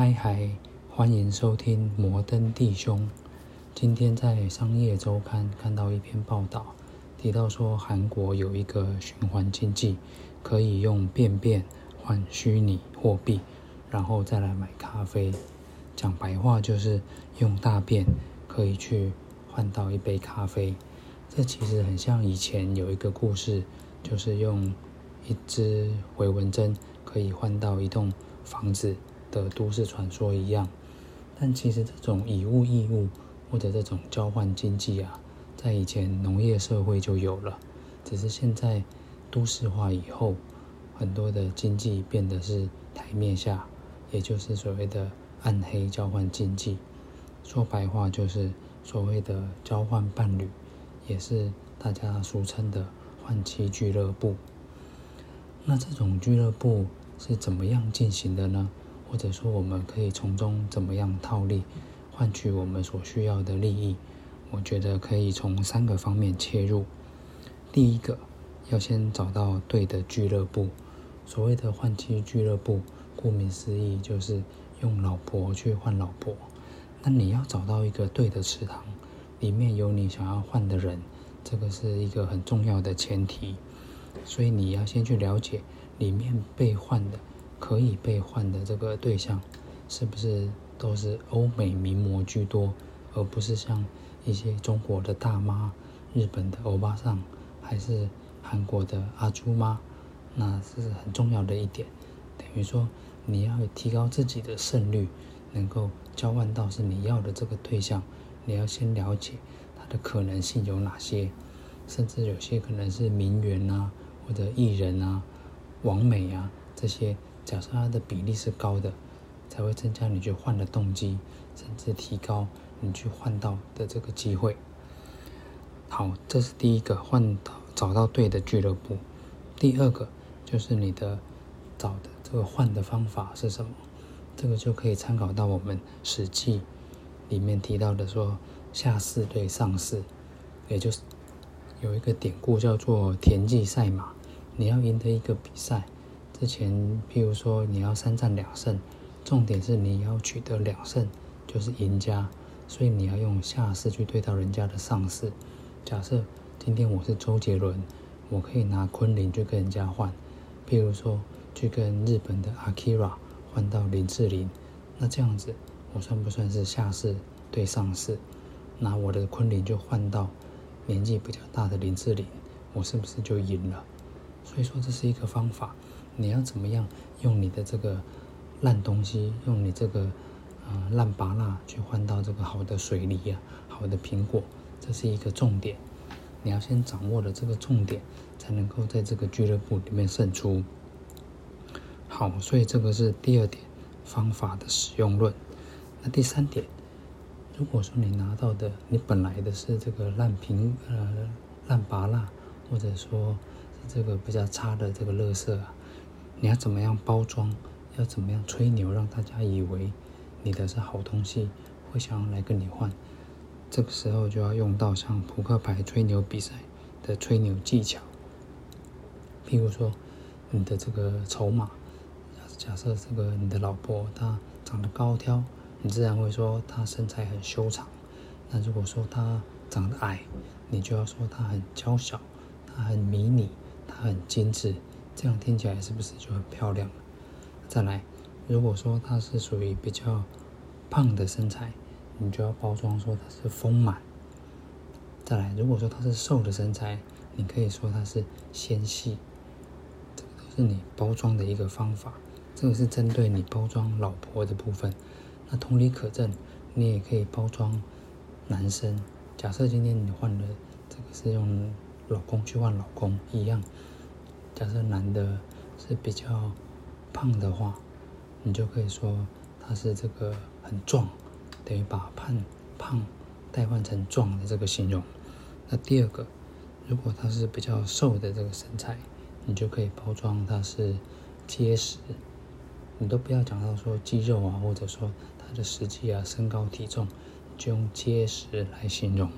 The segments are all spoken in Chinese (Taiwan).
嗨嗨，歡迎收聽摩登弟兄。今天在《商業週刊》看到一篇報道，提到說韓國有一個循環經濟，可以用便便換虛擬貨幣，然後再來買咖啡。講白話就是用大便可以去換到一杯咖啡。這其實很像以前有一個故事，就是用一支回紋針可以換到一棟房子。的都市傳說一樣，但其實這種以物易物或者這種交換經濟啊，在以前農業社會就有了，只是現在都市化以後，很多的經濟變得是台面下，也就是所謂的暗黑交換經濟。說白話就是所謂的交換伴侶，也是大家俗稱的換妻俱樂部。那這種俱樂部是怎麼樣進行的呢？或者說，我們可以從中怎麼樣套利，換取我們所需要的利益？我覺得可以從三個方面切入。第一個，要先找到對的俱樂部。所謂的換妻俱樂部，顧名思義就是用老婆去換老婆。那你要找到一個對的池塘，裡面有你想要換的人，這個是一個很重要的前提。所以你要先去了解裡面被換的。可以被換的這個對象，是不是都是歐美名模居多，而不是像一些中國的大媽、日本的歐巴桑，還是韓國的阿朱媽？那是很重要的一點。等於說，你要提高自己的勝率，能夠交換到是你要的這個對象，你要先了解它的可能性有哪些，甚至有些可能是名媛啊，或者藝人啊、網美啊這些。假設它的比例是高的，才會增加你去換的動機，甚至提高你去換到的這個機會。好，這是第一個換到找到對的俱樂部。第二個就是你的找的這個換的方法是什麼？這個就可以參考到我們《史記》裡面提到的說“下駟對上駟”，也就是有一個典故叫做田忌賽馬，你要贏得一個比賽。之前，譬如說你要三戰兩勝，重點是你要取得兩勝，就是贏家。所以你要用下士去對到人家的上士。假設今天我是周杰倫，我可以拿昆凌去跟人家換，譬如說去跟日本的 Akira 換到林志玲，那這樣子我算不算是下士對上士？拿我的昆凌就換到年紀比較大的林志玲，我是不是就贏了？所以說，這是一個方法。你要怎麼樣用你的這個爛東西，用你這個呃爛芭樂去換到這個好的水梨啊，好的蘋果，這是一個重點。你要先掌握了這個重點，才能夠在這個俱樂部裡面勝出。好，所以這個是第二點方法的使用論。那第三點，如果說你拿到的你本來的是這個爛蘋，呃爛芭樂，或者說是這個比較差的這個垃圾啊。你要怎麼樣包裝？要怎麼樣吹牛，讓大家以為你的是好東西，會想要來跟你換。這個時候就要用到像撲克牌吹牛比賽的吹牛技巧。譬如說，你的這個籌碼，假設這個你的老婆她長得高挑，你自然會說她身材很修長；那如果說她長得矮，你就要說她很嬌小，她很迷你，她很精緻。這樣聽起來是不是就很漂亮了？再來，如果說她是屬於比較胖的身材，你就要包裝說她是豐滿。再來，如果說她是瘦的身材，你可以說她是纖細。這個是你包裝的一個方法，這個是針對你包裝老婆的部分。那同理可證，你也可以包裝男生。假設今天你換了，這個是用老公去換老公一樣。假設男的是比較胖的話，你就可以說他是這個很壯，等於把胖胖代換成壯的這個形容。那第二個，如果他是比較瘦的這個身材，你就可以包裝他是結實。你都不要講到說肌肉啊，或者說他的實際啊身高體重，你就用結實來形容。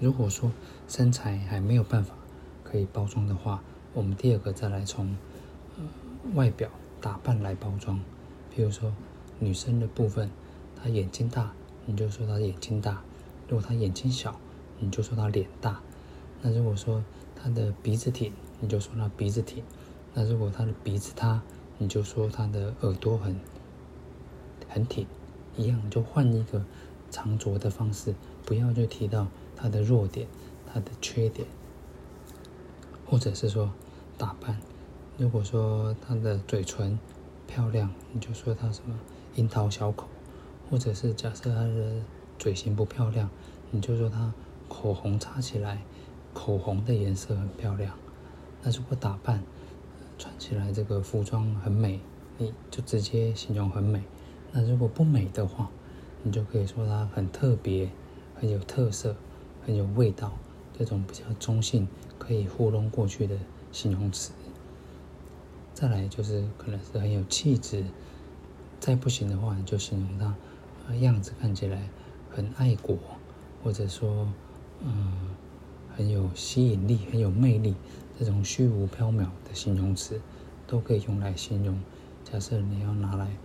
如果說身材還沒有辦法可以包裝的話，我們第二個再來從外表打扮來包裝，比如說女生的部分，她眼睛大，你就說她眼睛大；如果她眼睛小，你就說她臉大。那如果說她的鼻子挺，你就說她鼻子挺；那如果她的鼻子塌，你就說她的耳朵很很挺。一樣你就換一個藏拙的方式，不要就提到她的弱點、她的缺點，或者是說。打扮，如果說她的嘴唇漂亮，你就說她什麼櫻桃小口；或者是假設她的嘴型不漂亮，你就說她口紅擦起來，口紅的顏色很漂亮。那如果打扮穿起來這個服裝很美，你就直接形容很美。那如果不美的話，你就可以說她很特別，很有特色，很有味道，這種比較中性，可以糊弄過去的形容詞，再來就是可能是很有氣質，再不行的話你就形容他、呃、樣子看起來很愛國，或者說嗯、呃、很有吸引力、很有魅力這種虛無縹緲的形容詞，都可以用來形容。假設你要拿來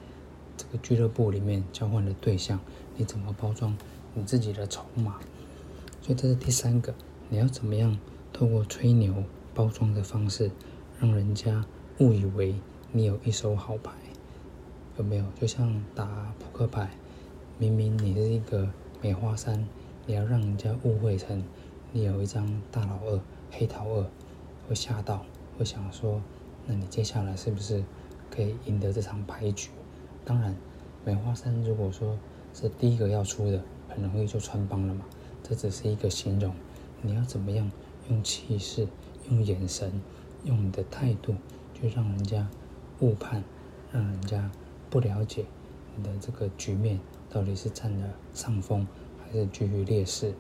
這個俱樂部裡面交換的對象，你怎麼包裝你自己的籌碼？所以這是第三個，你要怎麼樣透過吹牛。包裝的方式，讓人家誤以為你有一手好牌，有沒有？就像打撲克牌，明明你是一個梅花三，你要讓人家誤會成你有一張大老二、黑桃二，會嚇到，會想說：那你接下來是不是可以贏得這場牌局？當然，梅花三如果說是第一個要出的，很容易就穿幫了嘛。這只是一個形容，你要怎麼樣用氣勢？用眼神，用你的態度，去讓人家誤判，讓人家不了解你的這個局面到底是占了上風還是居於劣勢。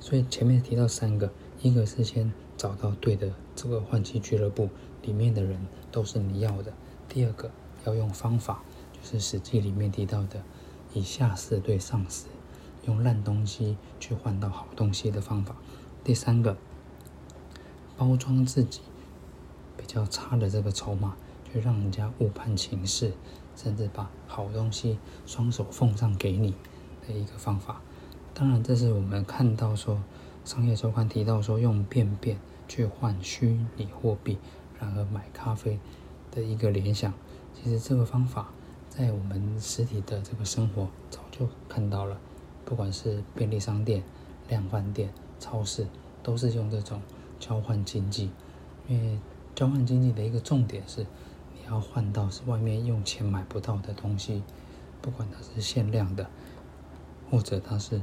所以前面提到三個，一個是先找到對的這個換妻俱樂部裡面的人都是你要的。第二個要用方法，就是《史記》裡面提到的，以下駟對上駟，用爛東西去換到好東西的方法。第三個。包裝自己比較差的這個籌碼，去讓人家誤判情勢，甚至把好東西雙手奉上給你的一個方法。當然，這是我們看到說《商業周刊》提到說用便便去換虛擬貨幣，然後買咖啡的一個聯想。其實這個方法在我們實體的這個生活早就看到了，不管是便利商店、量販店、超市，都是用這種。交換經濟，因為交換經濟的一個重點是，你要換到是外面用錢買不到的東西，不管它是限量的，或者它是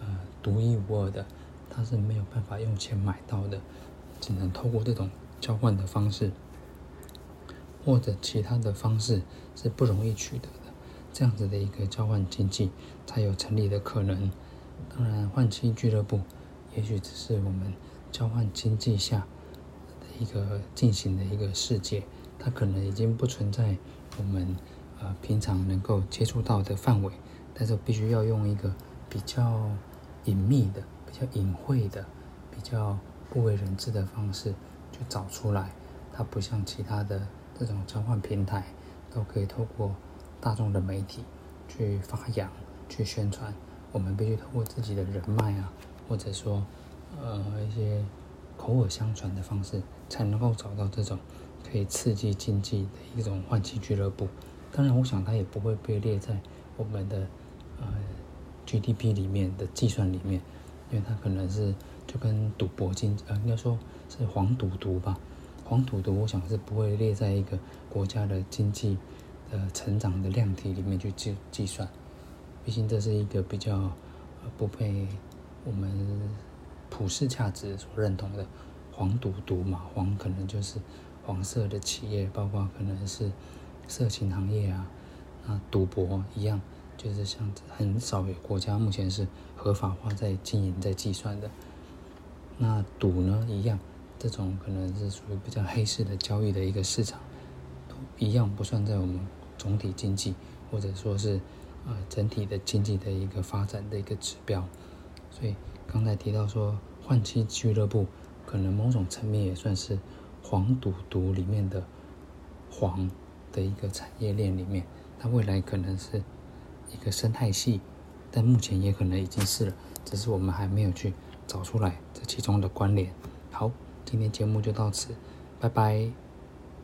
呃獨一無二的，它是沒有辦法用錢買到的，只能透過這種交換的方式，或者其他的方式是不容易取得的，這樣子的一個交換經濟才有成立的可能。當然，換妻俱樂部也許只是我們。交換經濟下的一個進行的一個世界，它可能已經不存在我們呃平常能夠接觸到的範圍，但是必須要用一個比較隱秘的、比較隱晦的、比較不為人知的方式去找出來。它不像其他的這種交換平台，都可以透過大眾的媒體去發揚、去宣傳，我們必須透過自己的人脈啊，或者說。呃，一些口耳相傳的方式才能夠找到這種可以刺激經濟的一種換妻俱樂部。當然，我想它也不會被列在我們的呃 GDP 裡面的計算裡面，因為它可能是就跟賭博經呃，應該說是黃賭毒吧。黃賭毒，我想是不會列在一個國家的經濟呃成長的量體裡面去計計算，畢竟這是一個比較不配我們。普世價值所認同的黃賭毒嘛，黃可能就是黃色的企業，包括可能是色情行業啊，那賭博一樣，就是像很少有國家目前是合法化在經營在計算的。那賭呢，一樣，這種可能是屬於比較黑市的交易的一個市場，一樣不算在我們總體經濟，或者說是，呃，整體的經濟的一個發展的一個指標，所以，剛才提到說，換妻俱樂部可能某種層面也算是黃賭毒，毒裡面的黃的一個產業鏈裡面，它未來可能是一個生態系，但目前也可能已經是了，只是我們還沒有去找出來這其中的關聯。好，今天節目就到此，拜拜。